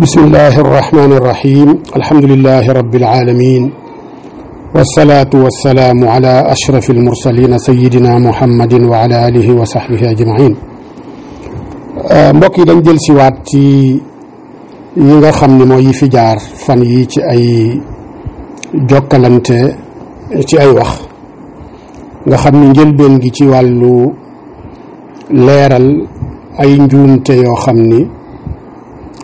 bismillahi arrahmani irrahim alhamdulilahi rabbil alamin wasalaatu wasalaamu ala ashrafi almursalina sayidina muhammadin wa ala alihi wa sahbihi ajmain euh, mbokk yi dañ jël siwaat ci yi nga xam ne mooy yi fi jaar fan yi ci ay jokkalante ci ay wax nga xam ni njëlbeen gi ci wàllu leeral ay njuumte yoo xam ni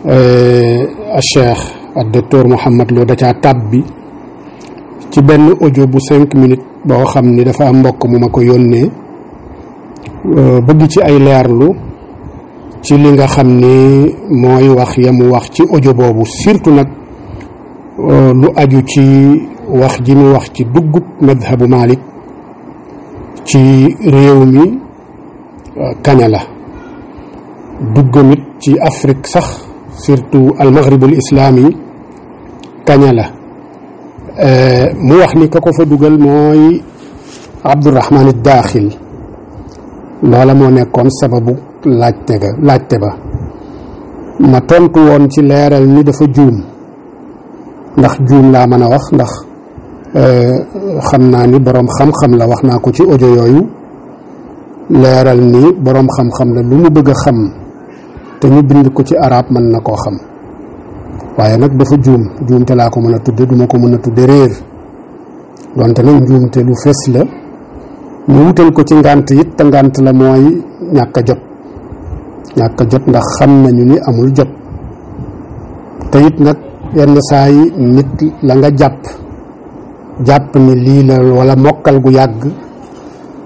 Euh, Cheikh ak docteur Mouhamed Lo da caa tab bi ci benn audio bu cinq minutes boo xam ni dafa am mbokk mu ma ko yónnee euh, bëgg ci ay leerlu ci li nga xam ni mooy wax ya wax ci audio boobu surtout nag euh, lu aju ci wax ji mu wax ci duggub madhabu Malik ci réew mi kaña la duggamit ci Afrique sax surtout almaghribul islaami kañe la eh, mu wax ni ka ko fa dugal mooy abdurahman daaxil loola moo nekkoon sababu laajte ga laajte ba ma tontu woon ci leeral ni dafa juum ndax juum laa mën a wax ndax eh, xam naa ni boroom xam-xam la wax naa ko ci audio yooyu leeral ni boroom xam-xam la lu mu bëgg a xam te ñu bind ko ci arab mën na koo xam waaye nag dafa juum juumte laa ko mën a tudde duma ko mën a tudde réer donte nag njuumte lu fees la ñu wutal ko ci ngànt it te ngànt la mooy ñàkk jot ñàkk jot ndax xam nañu ni amul jot te it nag yenn saay yi nit la nga jàpp jàpp ni lii la wala mokkal gu yàgg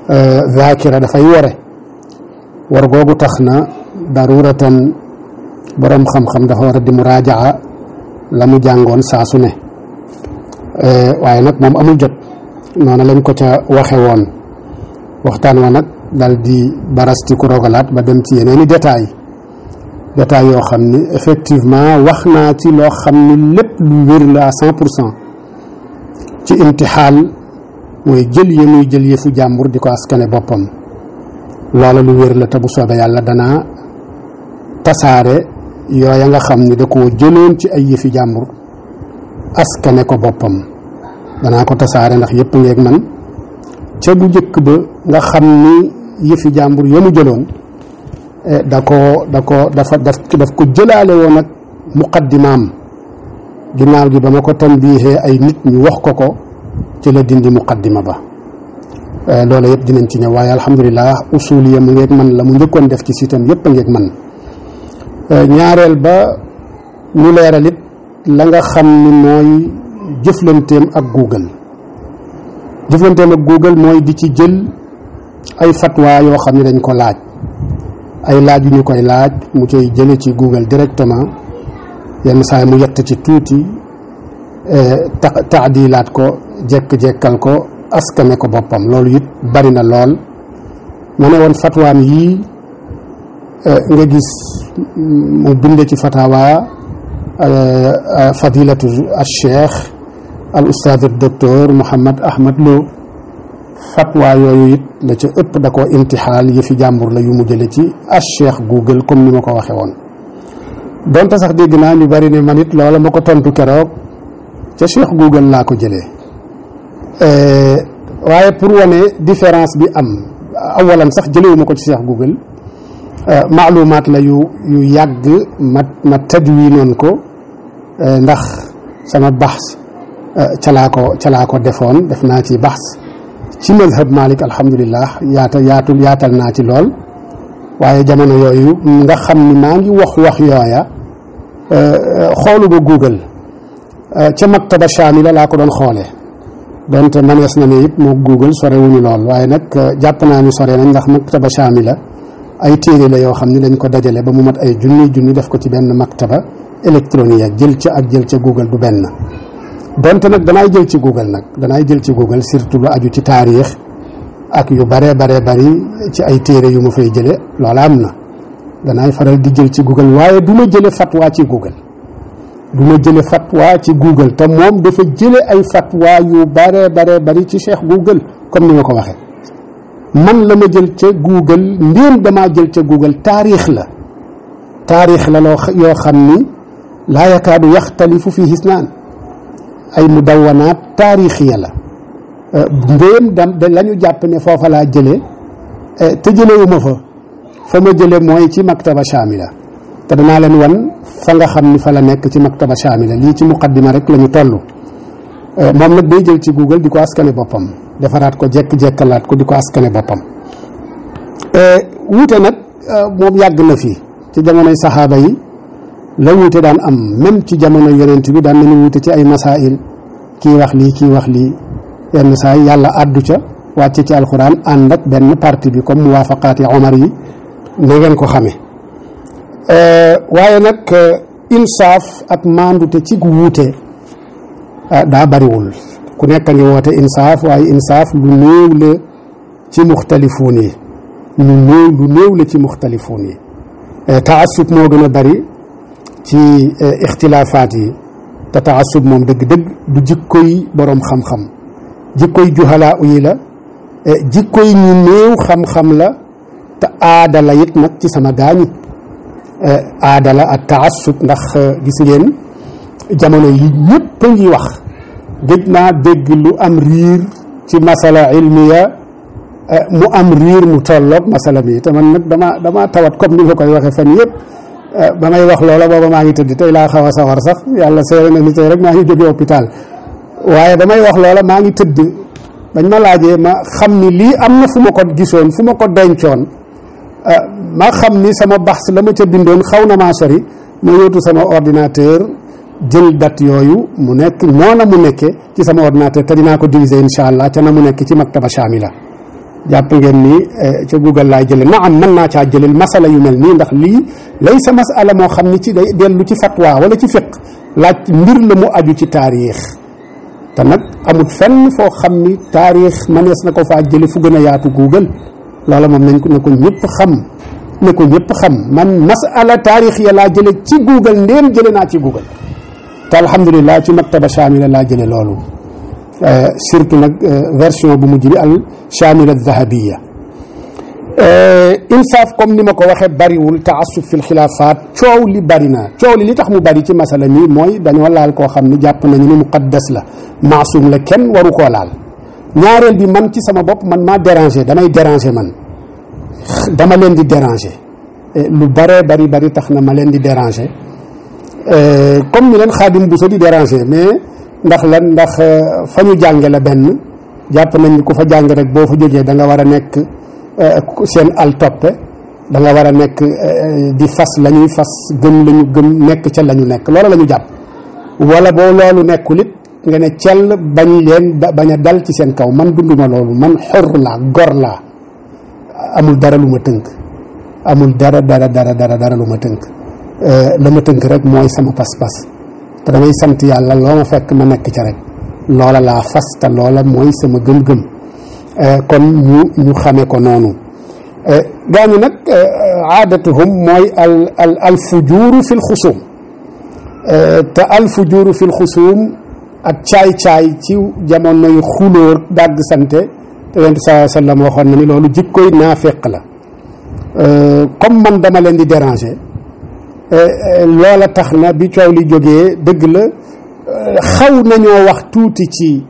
euh, zaakira dafay ware war googu tax na daruratan borom xam-xam dafa war a di muraajaa la mu jàngoon saa su ne eh, waaye nag moom amul jot noonu lañ ko ca waxe woon waxtaan wa nag dal di barasti ku ba dem ci yeneeni détail détail yoo xam ni effectivement wax naa ci loo xam ni lépp lu wér la à cent pour cent ci imtixaal mooy jël yi muy jël yëfu jàmbur di ko askane boppam loola lu wér te bu soobee yàlla danaa tasaare yooya nga xam ni da koo jëloon ci ay yëfi jàmbur askane ko boppam danaa ko tasaare ndax yëpp ngeeg man ca bu njëkk ba nga xam ni yëfi jàmbur ya mu jëloon eh, da ko da ko dafa daf daf ko jëlaale woon ak muqaddimaam ginnaaw gi ba ma ko tanbiihee ay nit ñu wax ko ko ci la dindi muqaddima ba eh, loola yëpp dinañ ci ñëw waaye alhamdulilah usuliya mu ngeeg man la mu njëkkoon def ci siitam yëpp a ngeeg man ñaareel ba ñu leeral it la nga xam ni mooy jëflanteem ak Google jëflanteem ak Google mooy di ci jël ay fatwa yoo xam ne dañ ko laaj ay laaj yu ñu koy laaj mu cay jële ci Google directement yenn saa mu yett ci tuuti eh, ta taadilaat ko jekk-jekkal ko askane ko boppam loolu it bari na lool mu ne woon fatwaam yii Eh, nga gis mu bind ci fatawa eh, eh, fadilatu al cheikh al ustaad al docteur Mouhammad Ahmad Lo fatwa yooyu it la ca ëpp da koo imtixaal yëfi jàmbur la yu mu jëlee ci al cheikh google comme ni ma ko waxe woon donte sax dégg naa ñu bari ne ma it loola ma ko tontu keroog ca cheikh google laa ko jëlee waaye pour wane différence bi am awalan sax jëlewuma ko ci cheikh google Euh, maalumaat la yu yu yàgg ma ma tadwiinoon ko euh, ndax sama baxs euh, ca laa ko ca laa ko defoon def naa ci baxs ci mazhab Malik alhamdulilah yaata yaatu yaatal naa ci lool waaye jamono yooyu nga xam ni maa ngi wax wax yooya xoolu ba Google ca maktaba Chamila laa ko doon xoole donte mënees na ne it moo Google sore wuñu lool waaye nag jàpp naa ni sore nañ ndax maktaba Chamila ay téere la yoo xam ne dañ ko dajale ba mu mat ay junni junni def ko ci benn maktaba électronique jël ca ak jël ca Google du benn donte nag danaay jël ci Google nag danaay jël ci Google surtout lu aju ci taarix ak yu bare bare bari ci ay téere yu ma fay jële loola am na danaay faral di jël ci Google waaye du ma jële fatwa ci Google du ma jële fatwa ci Google te moom dafa jële ay fatwa yu bare bare bari ci Cheikh Google comme ni ma ko waxee man la ma jël ca Google ndéem damaa jël ca Google taarix la taarix la loo xam ni laa yakaadu yaxtalifu fii hisnaan ay mudawanaat taarix ya la euh, ndéem dam de la ñu jàpp ne foofa laa jële euh, te jëlewuma fa fa ma jële mooy ci maktaba shamila te danaa leen wan fa nga xam ni fa la nekk ci maktaba shamila lii ci muqaddima rek la ñu toll euh, moom nag day jël ci Google di ko askane boppam defaraat ko jekk-jekkalaat ko di ko askane boppam e, wuute nag e, moom yàgg na fi ci jamonoy saxaaba yi la wuute daan am même ci jamono yonent bi daan nañu wute ci ay masail kii wax lii kii wax lii yenn saa yàlla àddu ca wàcce ci alxuraan ànd ak benn parti bi comme muwaafaqaati omar yi na ngeen ko xamee waaye nag insaaf ak maandute ci wuute ah, daa bariwul ku nekk a ngi woote insaaf waaye insaaf lu néew la ci muxtalifuun yi lu néew lu néew la ci muxtalifuun yi eh, taasub moo gën a bari ci eh, ixtilaafaat yi te taasub moom dëgg-dëgg du jikkoy boroom xam-xam jikkoy juhalaa yi la eh, jikkoy ñu néew xam-xam la te aada la nag ci sama gaañi aada ak taasub ndax gis ngeen jamono yi ñëpp a ngi wax gëj naa dégg lu am riir ci masala ilmiya eh, mu am riir mu tolloog masala mi te man nag dama damaa tawat comme ni nga koy waxee fan yëpp eh, ba may wax loola booba maa ngi tëdd tey laa xaw a sawar sax yàlla seere na ni rek maa ngi jóge hôpital waaye ba wax loola maa ngi tëdd bañ ma laajee ma xam ni lii am na fu ma ko gisoon fu ma ko dencoon eh, ma xam ni sama baxs la ma ca bindoon xaw na maa sori ma yóotu sama ordinateur jël date yooyu mu nekk la mu nekkee ci sama ordinateur te dinaa ko diviser incha allah ca na mu nekk ci maktaba shamila jàpp ngeen ni eh, ca Google laay jëlee na am mën naa caa jëlel masala yu mel nii ndax lii laysa masala moo xam ni ci day dellu ci fatwa wala ci fiq laaj mbir la mu aju ci taarix te nag amul fenn foo xam ni taarix mënees na ko faa jële fu gën a yaatu Google loola moom nañ ko ne ko xam ne ko ñëpp xam man masala taarix ya laa jële ci Google ndéem jële naa ci Google te alhamdulilah ci maktaba chamila laa jële loolu eh, surtout nag eh, version bu mujj bi al chamila zahabiya eh, insaaf comme ni ma ko waxee bariwul taasub fil xilaafaat coow li bari naa coow li li tax mu bari ci masala mi mooy dañoo laal koo xam ni jàpp nañu ni muqaddas la maasum la kenn waru ko laal ñaareel bi man ci sama bopp man maa déranger damay déranger man dama leen di déranger lu bare bari bari tax na ma leen di déranger Euh, comme ni leen xaadim bu sa di déranger mais ndax lan ndax euh, fa ñu jànge la benn jàpp nañ ku fa jàng rek boo fa jógee da nga war a nekk euh, seen al toppe da nga war a nekk di fas la ñuy fas gëm lañu ñu gëm nekk ca la ñu nekk loola la jàpp wala boo loolu nekkul it nga ne cell bañ leen bañ a dal ci seen kaw man dunduma loolu man xor laa gor laa amul dara lu ma tënk amul dara dara dara dara dara lu ma tënk la eh, ma tënk rek mooy sama pas-pas te damay sant yàlla loo ma fekk ma nekk ca rek loola laa fas te loola mooy sama gëm-gëm eh, kon ñu ñu xame ko noonu eh, gaañu nag aadatuhum mooy al al alfujuuru fi lxusuum te alfujuuru fi lxusuum ak caay-caay ci jamonoy xulóor dàgg sante te yonent saa sallam waxoon na ni loolu jikkoy naafeq la comme man dama leen di déranger Euh, euh, loola tax na bi coow li jógee dëgg la euh, xaw nañoo wax tuuti ci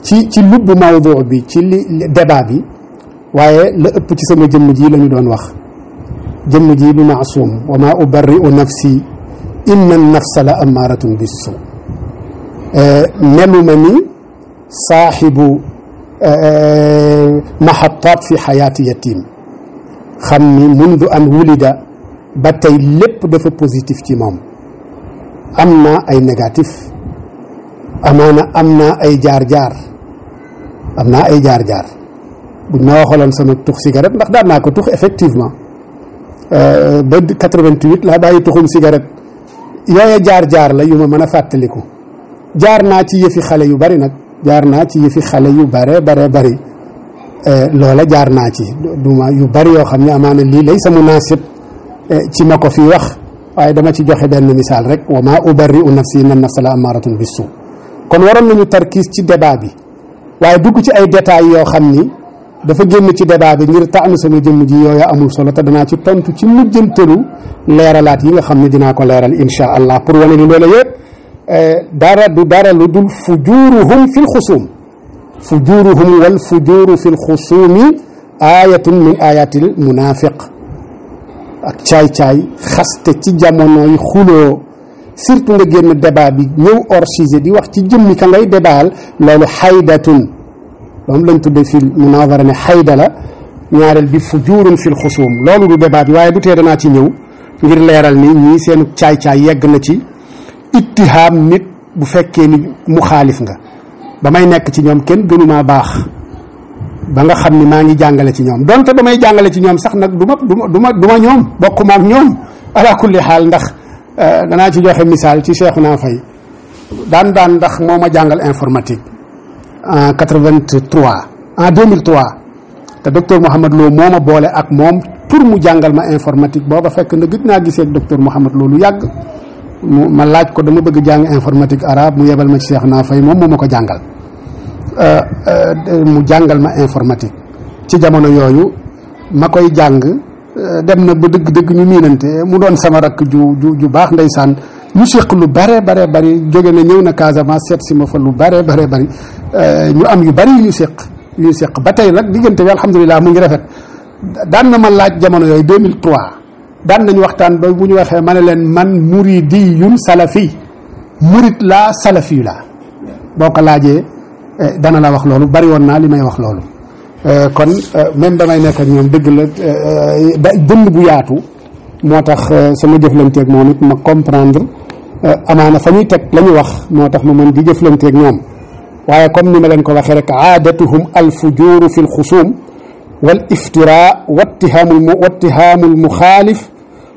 ci ci lubbu mawduu bi ci li débat bi waaye la ëpp ci sama jëmm ji la ñu doon wax jëmm ji du maasum wa maa ubarri'u nafsi inna nafsa la amaaratun bissu melu ma ni saaxibu maxataat fi xayaati yatim xam ni mundu an wulida ba tey lépp dafa positif ci moom am na ay négatif amaana am na ay jaar-jaar am naa ay jaar-jaar buñ ma waxaloon sama tux cigarette ndax daan naa ko tux effectivement euh, ba 88 laa bàyyi tuxum cigarette yooya jaar-jaar la yu ma mën a fàttaliku jaar naa ci yëfi xale yu bari nag jaar naa ci yëfi xale yu bare bare bari euh, loola jaar naa ci duma yu bari yoo xam ne amaana lii lay sama naasib Eh, ci ma ko fii wax waaye dama ci joxe benn misaal rek wa ma ubarri'u nafsi inna nafsa la amaaratun bisu kon waroon nañu tarkiis ci débat waaye dugg ci ay détails yoo xam ni dafa génn ci débat bi ngir taanu sama jëmm ji yooyu amul solo te danaa ci tontu ci mujjantalu leeralaat yi nga xam ne dinaa ko leeral insha allah pour wane ni loola yëpp eh, dara du dara lu dul fujuruhum fil xusuum fujuruhum wal fujuru fil xusuumi aayatun min aayatil munaafiq ak caay-caay xaste ci jamonoy xuloo surtout nga génn débat bi ñëw hors sujet di wax ci jëmmi ka ngay débaal loolu xaydatun loolu lañ tudde fi munazara ne xayda la ñaareel bi fujurun fil xusuum loolu du débat bi waaye bu tee danaa ci ñëw ngir leeral ni ñii seen caay-caay yegg na ci ittihaam nit bu fekkee ni mu xaalif nga ba may nekk ci ñoom kenn gënumaa baax ba nga xam ni maa ngi jàngale ci ñoom donte ba may jàngale ci ñoom sax nag du ma du ma du ma du ñoom bokkuma ak ñoom ala kulli xaal ndax euh, danaa ci joxe misaal ci Cheikhouna Faye daan daan ndax moo ma jàngal informatique en 83 en 2003 te docteur Mouhamad Lo moo ma boole ak moom pour mu jàngal ma informatique booba fekk na gëj naa gisee ak docteur Mouhamad Lo lu yàgg mu ma laaj ko dama bëgg jàng informatique arabe mu yebal ma ci Cheikhouna Faye moom moo ma ko jàngal. Euh, euh, mu jàngal ma informatique ci jamono yooyu ma koy jàng euh, dem na ba dëgg-dëgg ñu miinante mu doon sama rakk ju ju ju baax ndeysaan ñu séq lu bare bare bari jóge na ñëw na Casamance seet si ma fa lu bare bare bari ñu am yu bari yu ñu séq yu ñu séq ba tey nag diggante bi alhamdulilah mu ngi rafet daan na ma laaj jamono yooyu 2003 daan nañu waxtaan ba bu ñu waxee ma ne leen man muridiyun salafi murid laa salafi laa boo ko laajee Eh, dana la wax loolu bari woon naa li may wax loolu eh, kon eh, même damay nekk ak dëgg la da dënd bu yaatu moo tax sama jëflanteeg moom it ma comprendre amaana teg la ñu wax moo tax ma mën di jëflanteeg ñoom waaye comme ni ma leen ko waxee rek aadatuhum alfujuuru fi lxusuum wal iftira wattihaamul wattihaamul muxaalif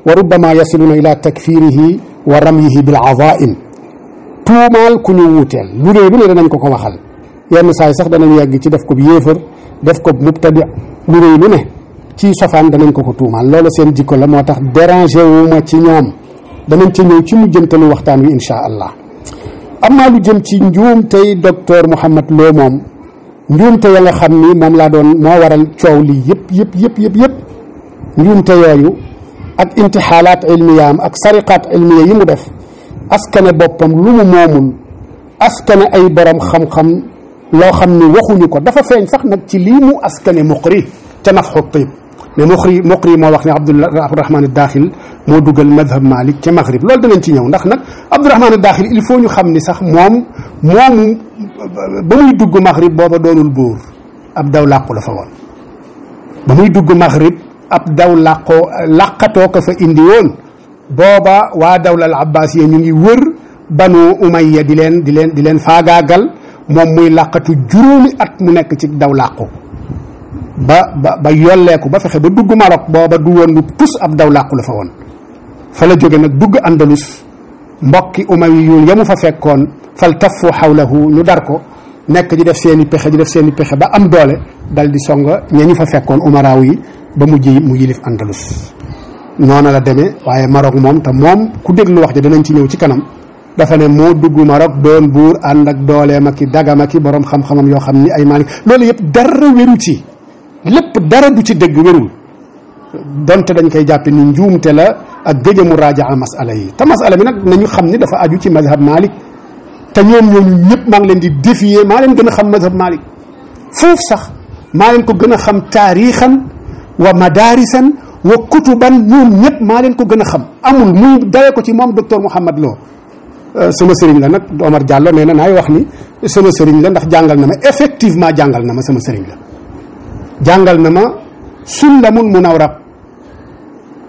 wa rubbama yasiluna ila takfirihi wa ramyihi bil azaim tuumaal ku ñu wuuteel lu rée bu ne danañ ko ko waxal yenn saay sax danañ yegg ci def ko yéefar def ko mubtadi lu réy lu ne ci sofaan danañ ko ko tuumaal loolu seen jikko la moo tax dérangé wu ma ci ñoom danañ ci ñëw ci mu mujjantalu waxtaan wi insha allah am naa lu jëm ci njuum tey docteur Mouhamed Lo moom njuum te ya nga xam ni moom laa doon moo waral coow li yëpp yëpp yëpp yëpp yëpp njuum te ak intixaalaat ilmiyaam ak sariqaat ilmiya yi mu def askane boppam lu mu moomul askane ay borom xam-xam loo xam ne waxuñu ko dafa feeñ sax nag ci lii mu askane muqri ca nafxu tiib mais muqri muqri moo wax ne abdourahman daaxil moo dugal madhab malik ca maghrib loolu danañ ci ñëw ndax nag abdourahman daaxil il faut ñu xam ni sax moom moomu ba muy dugg maghrib booba doonul buur ab daw làqu la fa woon ba muy dugg maghrib ab daw làqoo làqatoo ko fa indi woon booba waa dawla al abbasiya ñu ngi wër banu umayya di leen di leen di leen faagaagal moom muy làqatu juróomi at mu nekk ci daw làqu ba ba ba yolleeku ba fexe ba dugg Maroc booba du woon lu tus ab daw làqu la fa woon fa la jóge nag dugg Andalus mbokki umawi yul yamu fa fekkoon fal taffu xawlahu ñu dar ko nekk di def seeni pexe di def seeni pexe ba am doole dal di songa ña ñu fa fekkoon umaraaw yi ba mu ji mu yilif Andalus noona la demee waaye Maroc moom te moom ku déglu wax ja danañ ci ñëw ci kanam dafa ne moo dugg Maroc doon buur ànd ak dooleem ak i dagam ak i borom xam-xamam yoo xam ni ay Malik loolu yëpp dara wéru ci lépp dara du ci dëgg wérul donte dañ koy jàppe ni njuumte la ak gëj a mu raajaa masala yi te masala bi nag ñu xam ni dafa aju ci mazhab Malik te ñoom ñooñu ñëpp maa ngi leen di défier maa leen gën a xam mazhab Malik foofu sax maa leen ko gën a xam taarixan wa madaarisan wa kutuban ñoom ñëpp maa leen ko gën a xam amul mu dawe ko ci moom docteur Mouhamad Lo Euh, suma sëriñ la nag Omar Diallo nee na naay wax ni sama sëriñ la ndax jàngal na ma effectivement jàngal na ma sama sëriñ la jàngal na ma sullamun munawrab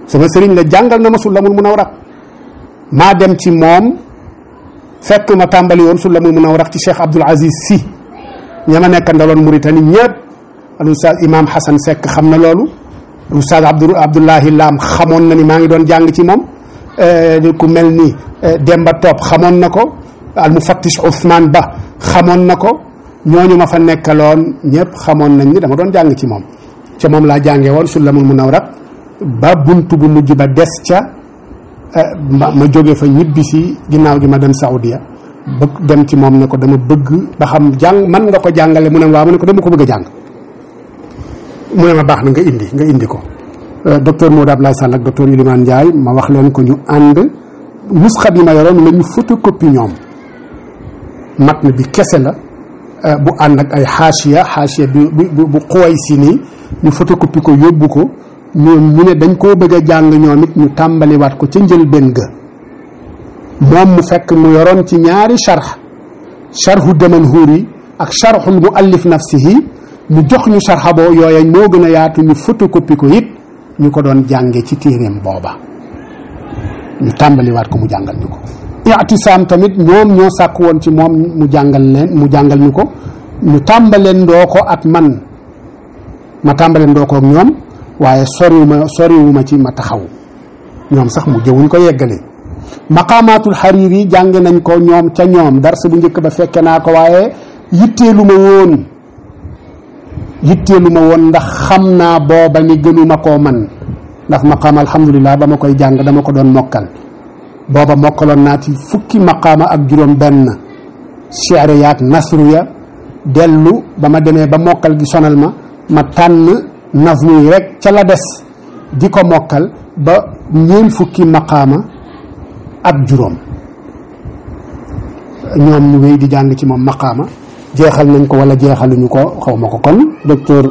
sama sëriñ la jàngal na ma sullamun munawrab maa dem ci moom fekk ma tàmbali woon sullamun munawrab ci Cheikh Abdoul Aziz Sy ña ma nekk ndaloon Mauritanie ñëpp al oustaz imam Hassan Seck xam na loolu al oustaz Abdou Abdoulahi Lam xamoon na ni maa ngi doon jàng ci moom Euh, ku mel ni euh, Demba Top xamoon na ko al mufattish Ousmane Ba xamoon na ko ñooñu ma fa nekkaloon ñëpp xamoon nañ ni dama doon jàng ci moom ca moom laa jàngee woon Sullamul Munawwar ba bunt bu mujj ba des ca euh, ma ma jóge fa ñibbi si ginnaaw gi ma dem Saudiya bëgg dem ci moom ne ko dama bëgg ba xam jàng man nga ko jàngale mu ne waaw mu ne ko dama ko bëgg a jàng mu ne ma baax na nga indi nga indi ko Euh, docteur Modou Abdoulaye Sall ak docteur Ilimane Ndiaye ma wax leen ko ñu ànd nusxat yi ma yoroon la ñu photocopie ñoom matn bi kese la euh, bu ànd ak ay xaasiya xaasiya bi bu xooy si ni ñu photocopie ko yóbbu ko ñoom ñu ne dañ koo bëgg a jàng ñoom it ñu tàmbaliwaat ko ca benn ga moom mu fekk mu yoroon ci ñaari charx charxu Damanhuri ak charxul muallif nafsihi mu jox ñu charxa boo yooya moo gën a yaatu ñu photocopie ko it ñu ko doon jànge ci téeréem booba ñu tàmbaliwaat ko mu jàngal ñu ko ictisaam tamit ñoom ñoo sàkk woon ci moom mu jàngal leen mu jàngal ñu ko ñu tàmbaleen doo ko ak man ma tàmbaleen doo ko ak ñoom waaye soriwuma soriwuma ci ma taxaw ñoom sax mu jëwuñ ko yeggale maqaamaatul xariir yi jàng nañ ko ñoom ca ñoom dars bu njëkk ba fekke naa ko waaye yitteelu ma woon yitteelu woon ndax xam naa booba ni gënuma koo man ndax maqaama alhamdulilah ba ma koy jàng dama ko doon mokkal booba mokkaloon naa ci fukki maqaama ak juróom benn seere yaag nasru ya ba mokkal gi sonal ma ma tànn nazmu yi rek ca la des di ko mokkal ba ñeen fukki ak juróom ñoom wéy di jàng ci moom maqaama jeexal nañ ko wala jeexaluñu ko xaw ma ko kon docteur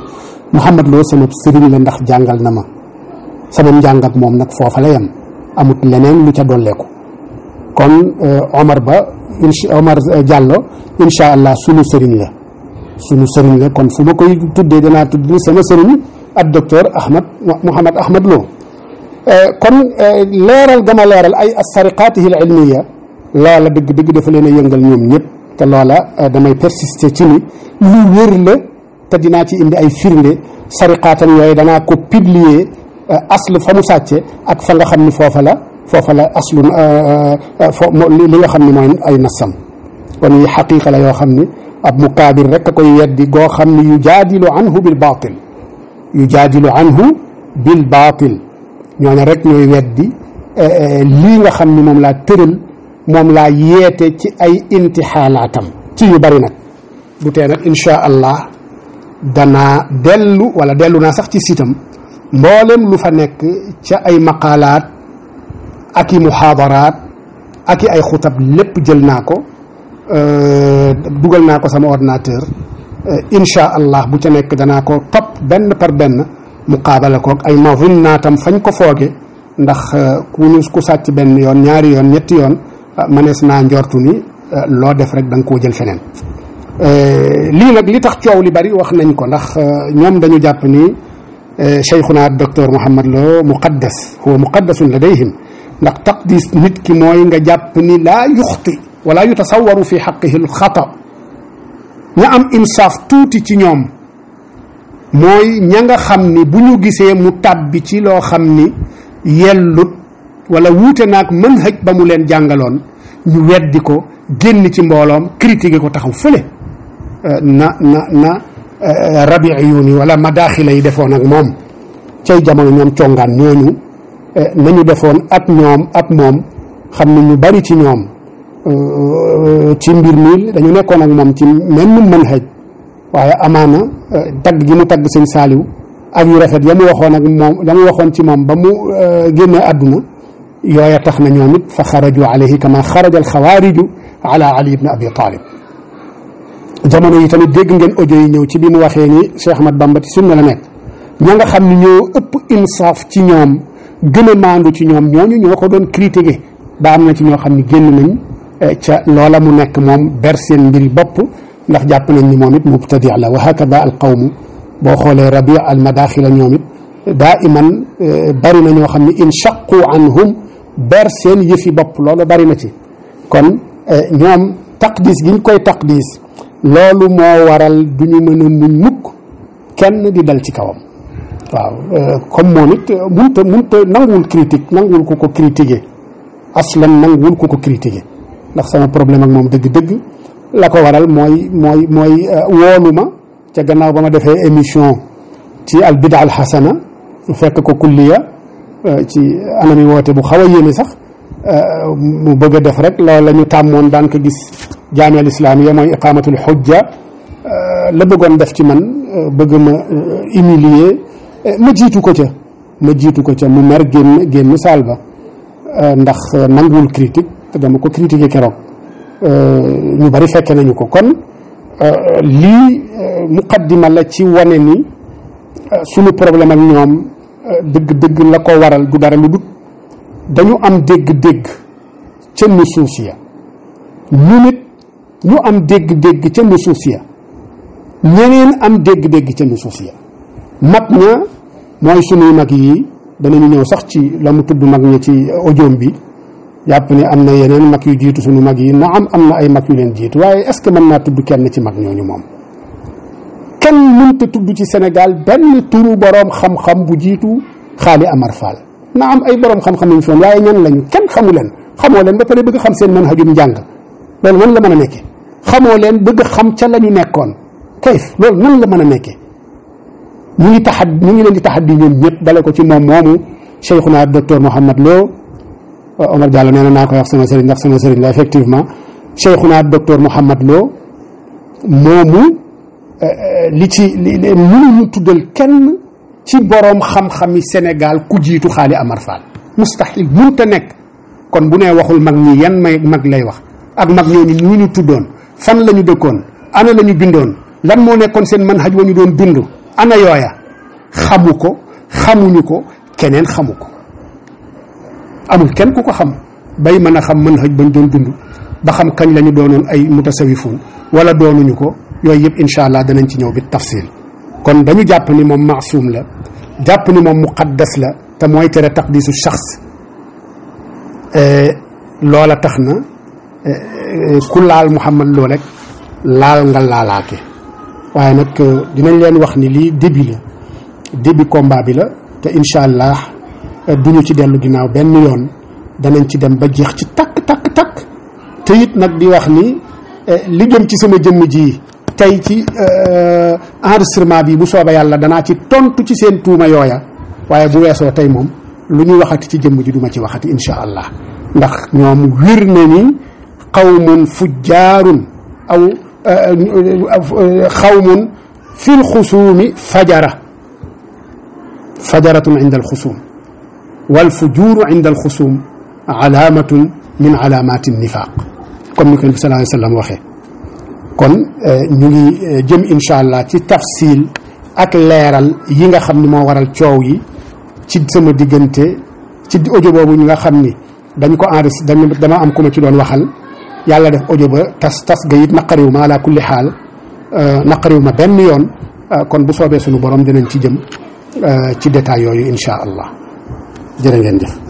Mouhamed Lo sama sëriñ la ndax jàngal na ma sama njàng ak moom nag foofa la yem amut leneen lu ca dolleeku kon euh, Omar ba incha Omar euh, Diallo incha allah sunu sëriñ la sunu sëriñ la kon fu ma koy tuddee danaa tudd ni sama sëriñ ak docteur Ahmad Mouhamed Ahmad loo euh, kon leeral gama leeral ay asariqaatihi al ilmiya loola dëgg-dëgg dafa leen a yëngal ñoom ñëpp. te loola euh, damay persister ci ni lu wér la ci indi ay firnde sariqaatam yooyu danaa ko publier euh, aslu fa mu ak fa nga xam ni foofa la foofa la aslu euh, fo li nga xam ni mooy ay nasam kon yi xaqiqa la yoo xam ni ab mukaabir rek a koy weddi goo xam ni yu jaadilu anhu bil baatil yu jaadilu anhu bil baatil ñooñu rek ñooy weddi lii nga xam ni moom laa tëral moom laa yeete ci ay intixaanaatam ci yu bari nag du tee nag allah danaa dellu wala dellu naa sax ci sitam mboolem lu fa nekk ca ay maqaalaat ak i muxaadaraat ak i ay xutab lépp jël naa ko euh, dugal naa ko sama ordinateur euh, incha allah bu ca nekk danaa ko topp benn par benn mu qaabale koog ay mavun naatam fañ ko fooge ndax euh, ku ñu ku sàcc benn yoon ñaari yoon ñetti yoon Ah, mënees naa njortu ni ah, loo def rek da nga koo jël feneen eh, lii nag li tax coow li bari wax nañ ko ndax ah, ñoom dañu jàpp ni eh, cheikhuna docteur Mouhamad Lo muqaddas huwa muqaddasun ladayhim ndax taqdis nit ki mooy nga jàpp ni laa yuxti wala yutasawaru fi xaqihi lxata ña am insaaf tuuti ci ñoom mooy ña nga xam ni bu ñu gisee mu tàbbi ci loo xam ni yellut wala wuute naag mën xëj ba mu leen jàngaloon ñu weddi ko génn ci mbooloom critiqué ko taxaw fële euh, na na na euh, rabiiyuun yi wala madaaxila yi defoon ak moom cay jamono ñoom congaan ñooñu euh, nañu defoon ak ñoom ak moom xam ne bari ci ñoom ci mbir mi dañu nekkoon ak moom ci menn mën xëj waaye amaana tagg gi mu tagg sëñ saaliw ak yu rafet ya mu waxoon ak moom ya mu waxoon ci moom ba mu génnee àdduna yooya tax na ñoom it fa xaraju alayhi kama xaraja alxawaariju ala ali ibn abi talib jamono yi tamit dégg ngeen audio yi ñëw ci bi mu waxee ni Cheikh mat Bamba ci sunna la nekk ña nga xam ne ñoo ëpp insaaf ci ñoom gën a maandu ci ñoom ñooñu ñoo ko doon critiquer ba am na ci ñoo xam ne génn nañ eh, ca loola mu nekk moom ber seen mbiri bopp ndax jàpp nañ ni moom it mubtadi la wa hakada al qawmu boo xoolee rabi al madaxila ñoom it daa iman eh, bari na ñoo xam ne inshaqu anhum ber seen yëfi bopp loolu bari na ci kon eh, ñoom taqdis gi ñu koy taqdis loolu moo waral du ñu mën a muñ mukk kenn di dal ci kawam waaw eh, comme moom it eh, munta munta nanguwul critique nanguwul ku ko critiquer aslan nanguwul ku ko critiquer ndax sama problème ak moom dëgg-dëgg la ko waral mooy mooy mooy woolu ma ca gannaaw ba ma defee émission ci al bida al xasana fekk ko kulliya ci anami woote bu xaw a yéeme sax euh, mu bëgg a def rek loolu la ñu tàmmoon daan ko gis jaameel islaam ya mooy iqaamatul xujja euh, la bëggoon def ci man euh, bëgg ma humilier ma jiitu ko ca ma jiitu ko ca mu mer génn génn saal ba ndax nanguwul critique te dama ko critiqué keroog ñu bari fekke nañu ko kon lii muqaddima la ci wane ni sunu problème ñoom dëgg-dëgg la ko waral du dara lu dut dañu am dégg-dégg ca nusuus ya ñu nit ñu am dégg-dégg ca nusuus ya am dégg-dégg ca nusuus ya mag ña mooy sunuy mag yi danañu ñëw sax ci la mu tudd mag ña ci ojoom bi yàpp ni am na yeneen mag yu jiitu sunu mag yi na am am na ay mag yu leen jiitu waaye est-ce que mën naa tudd kenn ci mag ñooñu moom kenn mënta tudd ci senegal benn turu boroom xam-xam bu jiitu xaali Amar Fall na am ay boroom xam-xam lañ foon waaye ñan lañu kenn xamu leen xamoo leen ba pare bëgg xam seen mën hajum njàng loolu nan la mën a nekke xamoo leen bëgg xam ca la ñu nekkoon kayf loolu nan la mën a nekke ñu ngi taxa ñu ngi leen di taxaddi ñoom ñëpp dale ko ci moom moomu Cheikhuna docteur Mouhamed Lo ah, Omar Diallo nee na naa koy wax sama sëriñ ndax sama sëriñ la effectivement Cheikhuna docteur Mouhamed Lo li ci mënuñu tuddal kenn ci boroom xam-xami Sénégal ku jiitu xaali Amar Fall mustahil munta nekk kon bu nee waxul mag ñi yan may mag lay wax ak mag ñooñu ñu ñu tuddoon fan la ñu dëkkoon ana la bindoon lan moo nekkoon seen manhaj wa ñu doon dund ana yooya xamu ko xamuñu ko keneen xamu ko amul kenn ku ko xam bay mën a xam manhaj bañ doon dund ba xam kañ lañu ñu doonoon ay mutasawifuun wala doonuñu ko yooyu yëpp incha allah danañ ci ñëw bi tafsil kon dañu jàpp ni moom maasuum la jàpp ni moom muqaddas la te mooy tere taqdisu shaxs eh, a tax na eh, ku laal Muhammad loo rek laal nga laalaake waaye nag eh, dinañ leen wax ni lii début la début combat bi la te incha allah duñu ci dellu ginnaaw benn yoon danañ ci dem ba jeex ci takk takk takk te nag di wax ni li jëm ci sama jëmm ji tey ci euh, enregistrement bi bu sooba yàlla danaa ci tontu ci seen tuuma yooya waaye bu weesoo tey moom lu ñu waxat ci jëmm ji duma ci waxati insha allah ndax ñoom wir na ni qawmun fujjaarun aw euh, xawmun fil xusuumi fajara fajaratun inda alxusum wal fujuru inda alxusum alaamatun min alaamaati nnifaaq comme ni ko nabi sallallahu alayhi wa waxee kon eh, ñu ngi eh, jëm incha allah ci tafsil ak leeral yi nga xam ni moo waral coow yi ci sama diggante ci audio boobu ñu nga xam ni dañ ko enregistré dama am ku ma ci doon waxal yàlla def audio ba tas tas ga it naqariw ma ala kulli xaal eh, naqariw ma benn yoon kon bu soobee suñu borom dinañ ci jëm ci détail yooyu incha allah jërë ngeen jëf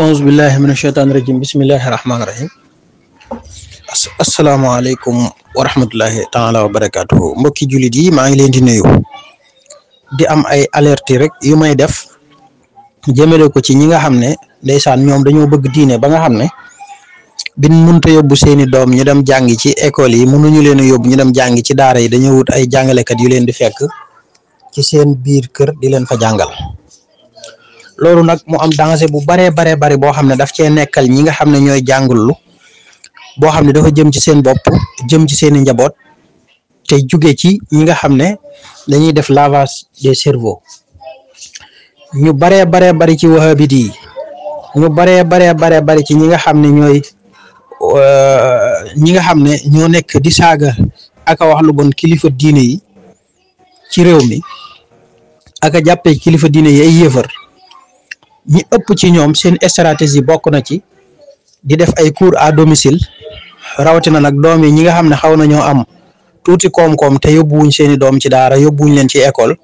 aousubillahi min asheytaan irajim bismillahi rahmaanirahim asalaamaaleykum wa rahmatullahi taala wa barakatuhu mbokki jullit yi maa ngi leen di nuyu di am ay alerte rek yu may def jëmale ko ci ñi nga xam ne ndeysaan ñoom dañoo bëgg diine ba nga xam ne bin mënta yóbbu seeni doom ñu dem jàngi ci école yi mënuñu leen a yóbbu ñu dem jàngi ci daara yi dañoo wut ay jàngalekat yu leen di fekk ci seen biir kër di leen fa jàngal loolu nag mu am danger bu baree baree bari boo xam ne daf cee nekkal ñi nga xam ne ñooy jàngulu boo xam ne dafa jëm ci seen bopp jëm ci seen i njaboot te jóge ci ñi nga xam ne dañuy def lavage des cerveaux ñu baree baree bari ci wahabit yi ñu baree baree baree bari ci ñi nga xam ne ñooy ñi nga xam ne ñoo nekk di saaga ak a wax bon kilifa diine yi ci réew mi ak a jàppee kilifa diine yi ay ñi ëpp ci ñoom seen stratégie bokk na ci di def ay cours à domicile rawatina nag doom yi ñi nga xam ne xaw nañoo am tuuti koom-koom te yóbbuwuñ seeni doom ci daara yóbbuwuñ leen ci école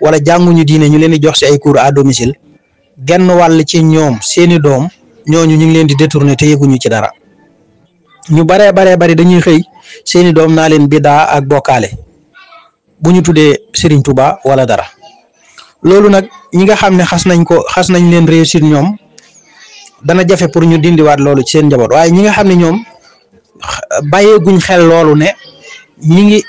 wala jànguñu diine ñu leen di jox si ay cours à domicile genn wàll ci ñoom seeni doom ñooñu ñu ngi leen di détourner te yëguñu ci dara ñu baree baree bari dañuy xëy seeni doom naa leen bidaa ak bokkaale bu ñu tuddee Serigne Touba wala dara. loolu nag ñi nga xam ne xas nañ ko xas nañ leen réussir ñoom dana jafe pour ñu dindiwaat loolu ci seen njaboot waaye ñi nga xam ne ñoom bàyyeeguñ xel loolu ne ñi ngi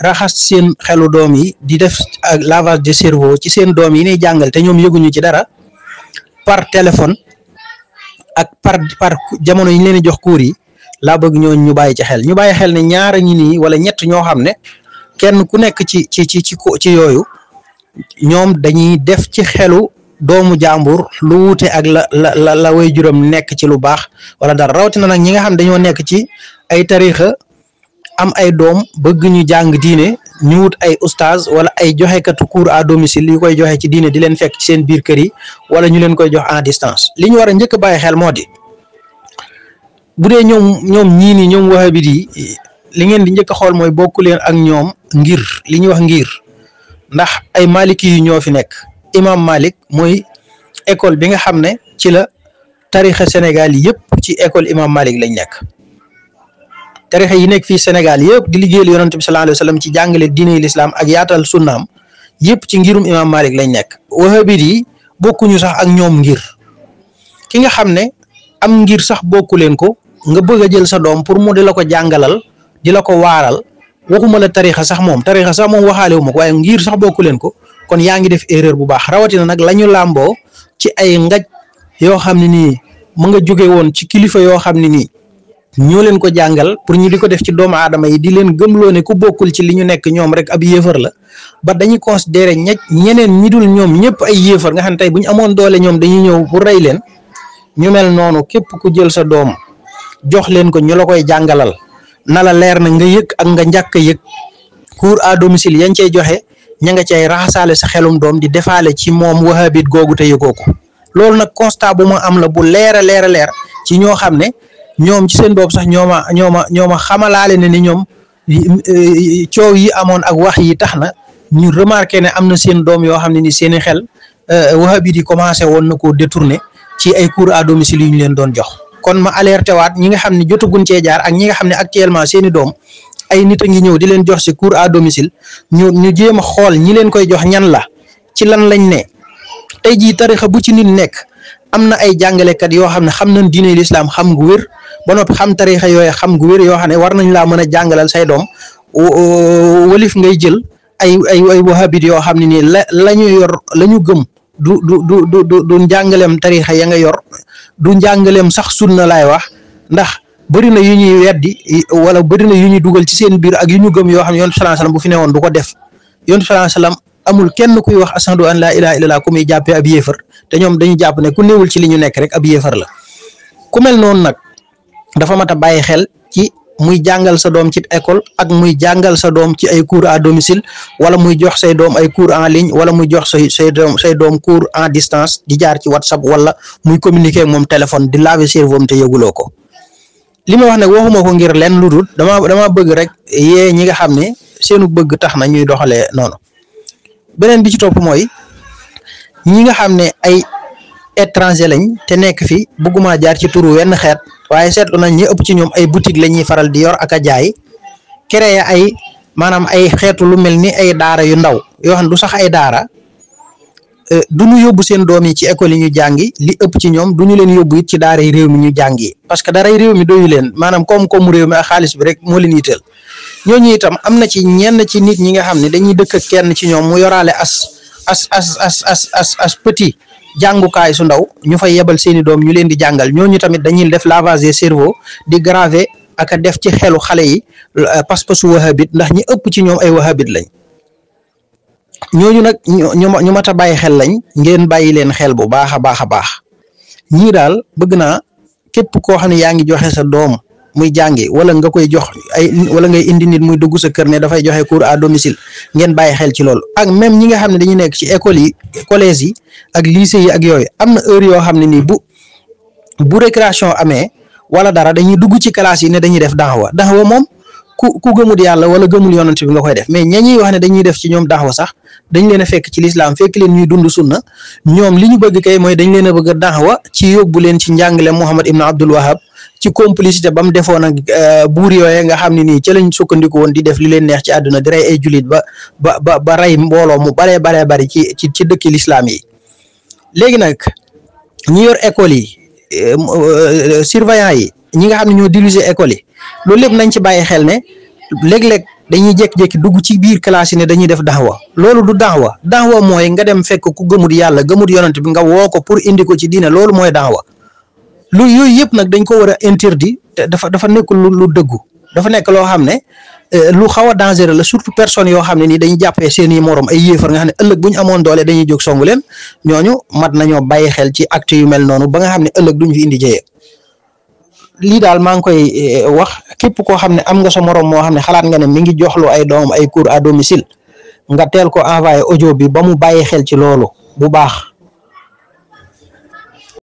raxas seen xelu doom yi di def ak lavage de cerveau ci seen doom yi ñuy jàngal te ñoom yëguñu ci dara par téléphone ak par par jamono yiñ leen di jox cours yi laa bëgg ñoo ñu bàyyi ci xel ñu bàyyi xel ne ñaar ñaara ñi nii wala ñett ñoo xam ne kenn ku nekk ci ci ci ci yooyu ñoom dañuy def ci xelu doomu jàmbur lu wuute ak la la la la way juróom nekk ci lu baax wala dara rawatina nag ñi nga xam dañoo nekk ci ay tarixa am ay doom bëgg ñu jàng diine ñu wut ay oustaz wala ay joxekatu cours à domicile yu koy joxe ci diine di leen fekk ci seen biir kër yi wala ñu leen koy jox en distance li ñu war njëkk a bàyyi xel moo di bu dee ñoom ñoom ñii nii ñoom wahabit yi li ngeen di njëkk a xool mooy bokk leen ak ñoom ngir li ñuy wax ngir ndax ay malik yu ñoo fi nekk imam malik mooy école bi nga xam ne ci la tarixa sénégal yëpp ci école imam malik lañ nekk tarixa yi nekk fii sénégal yëpp di liggéeyal yonante bi sallallahu alayhi wa sallam ci jàngale diine l'islam ak yaatal sunnaam yëpp ci ngirum imam malik lañ nekk wahabit yi bokkuñu sax ak ñoom ngir ki nga xam ne am ngir sax bokku leen ko nga bëgg a jël sa doom pour mu di la ko jàngalal di la ko waaral waxuma la tarixa sax moom tarixa sax moom waxaale wu ma ko waaye ngir sax bokku leen ko kon yaa ngi def erreur bu baax rawatina nag lañu làmboo ci ay ngaj yoo xam ne nii mu nga jóge woon ci kilifa yoo xam ne nii ñoo leen ko jàngal pour ñu di ko def ci doomu aadama yi di leen gëmloo ku bokkul ci li ñu nekk ñoom rek ab yéefar la ba dañuy considéré ña ñeneen ñi dul ñoom ñëpp ay yéefar nga xam ne tey bu ñu amoon doole ñoom dañuy ñëw bu rey leen ñu mel noonu képp ku jël sa doom jox leen ko ñu la koy jàngalal nala la leer na nga yëg ak nga njàkk a yëg cours à domicile yañ cay joxe ña nga cay raxasaale sa xelum doom di defaale ci moom wahabit googu te yëgoo ko loolu nag constat bu ma am la bu leer a leer a leer ci ñoo xam ne ñoom ci seen bopp sax ñoo ma ñoo ma ñoo ma xamalaale ne ni ñoom coow yi amoon ak wax yi tax na ñu remarqué ne am na seen doom yoo xam ne ni seeni xel euh, wahabit yi commencé woon na koo détourné ci ay cours à domicile yu leen doon jox. kon ma alerté waat ñi nga xam ne jotaguñ cee jaar ak ñi nga xam ne actuellement seeni doom ay nit a ngi ñëw di leen jox si cours à domicile ñu ñu jéem a xool ñi leen koy jox ñan la ci lan lañ ne tey jii tarixa bu ci nit nekk am na ay jàngalekat yoo xam ne xam nañ diine lislaam xam gu wér ba noppi xam tarixa yooyu xam gu wér yoo xam ne war nañ laa mën a jàngalal say doom walif ngay jël ay ay ay wahabit yoo xam ne nii la la ñu yor la ñu gëm du du du du du njàngaleem tarixa nga yor du njàngaleem sax na laay wax ndax bëri na yu ñuy weddi wala bëri na yu ñuy dugal ci seen biir ak yu ñu gëm yoo xam ne yonent sallallahu alayhi bu fi newoon du ko def yonent sallallahu alayhi wasallam amul kenn kuy wax ashadu an laa ilaaha illallah ku muy jàppee ab yéefar te ñoom dañu jàpp ne ku néewul ci li ñu nekk rek ab yéefar la ku mel noonu nag dafa mat a bàyyi xel ci muy jàngal sa doom ci école ak muy jàngal sa doom ci ay cours à domicile wala muy jox say doom ay cours en ligne wala muy jox say say doom say doom cours en distance di jaar ci whatsapp wala muy communiquer moom téléphone di laver cerveau am te yëguloo ko li ma wax nag waxuma ko ngir lenn lu dul dama dama bëgg rek yee ñi nga xam ne seenu bëgg tax na ñuy doxalee noonu beneen bi ci mooy ñi xam ne ay étranger lañ te nekk fi bëgguma jaar ci turu wenn xeet waaye seetlu nañ ñi ëpp ci ñoom ay boutique la ñuy faral di yor ak a jaay créé ay maanaam ay xeetu lu mel ni ay daara yu ndaw yoo xam du sax ay daara euh, du ñu yóbbu seen doom yi ci école yi ñu jàngi li ëpp ci ñoom du ñu leen yóbbu it ci daaray réew mi ñu jàngi parce que daaray réew mi doyu leen maanaam koom-koomu réew mi ak xaalis bi rek moo leen yitteel ñooñu itam am na ci ñenn ci nit ñi nga xam ne dañuy dëkk ak kenn ci ñoom mu yoraale as as as jàngukaay su ndaw ñu fay yebal seeni doom ñu leen di jàngal ñooñu tamit dañuy def lavage des di graver ak def ci xelu xale yi euh, pas-pasu wahabit ndax ñi ëpp ci ñoom ay wahabit lañ ñooñu nag ñu mat a bàyyi xel lañ ngeen bàyyi leen xel bu baax a baax a baax ñii daal bëgg naa képp koo xam ne yaa ngi joxe sa doom muy jàngi wala nga koy jox wala nga indi nit muy dugg sa kër ne dafay joxe cours à domicile ngeen bàyyi xel ci loolu ak même ñi nga xam ne dañu nekk ci école yi collège yi ak lycée yi ak yooyu am na heure yoo xam ne nii bu bu récréation amee wala dara dañuy dugg ci classe yi ne dañuy def daxwa daxwa moom ku ku gëmul yàlla wala gëmul yonent bi nga koy def mais ña ñuy wax ne dañuy def ci ñoom daxwa sax dañ leen a fekk ci lislam fekk leen ñuy dund sunna ñoom li ñu bëgg kay mooy dañ leen a bëgg a daxwa ci yóbbu leen ci njàngale Muhammad Ibn Abdul Wahab ci complicité ba mu defoon ak euh, buur yooye nga xam ne nii ci lañ sukkandiku woon di def li leen neex ci àdduna di rey ay julit ba ba ba ba rey mbooloo mu baree baree bari ci ci ci dëkki lislaam yi léegi nag ñi yor école yi euh, euh, surveillant yi ñi nga xam ne ñoo diriger école yi loolu lépp nañ ci bàyyi xel ne léeg-léeg dañuy jékki-jékki dugg ci biir classe ne dañuy def daxwa loolu du daxwa daxwa mooy nga dem fekk ku gëmut yàlla gëmut yonent bi nga woo ko pour indi ko ci diine loolu mooy daxwa lu yooyu yëpp nag dañ ko war a interdit te dafa dafa nekk lu lu dëggu dafa nekk loo xam ne euh, lu xaw a dangereux la surtout personne yoo xam ne nii dañuy jàppee seen i morom ay yéefar nga xam ne ëllëg amoon doole dañuy jóg songu leen ñooñu mat nañoo bàyyi xel ci acte yu mel noonu ba nga xam ne ëllëg duñ fi indi jëyee lii daal maa ngi koy euh, wax képp koo xam ne am nga sa morom moo xam ne xalaat nga ne mi ngi joxlu ay doom ay cours à domicile nga teel ko envoyé audio bi ba mu bàyyi xel ci loolu bu baax.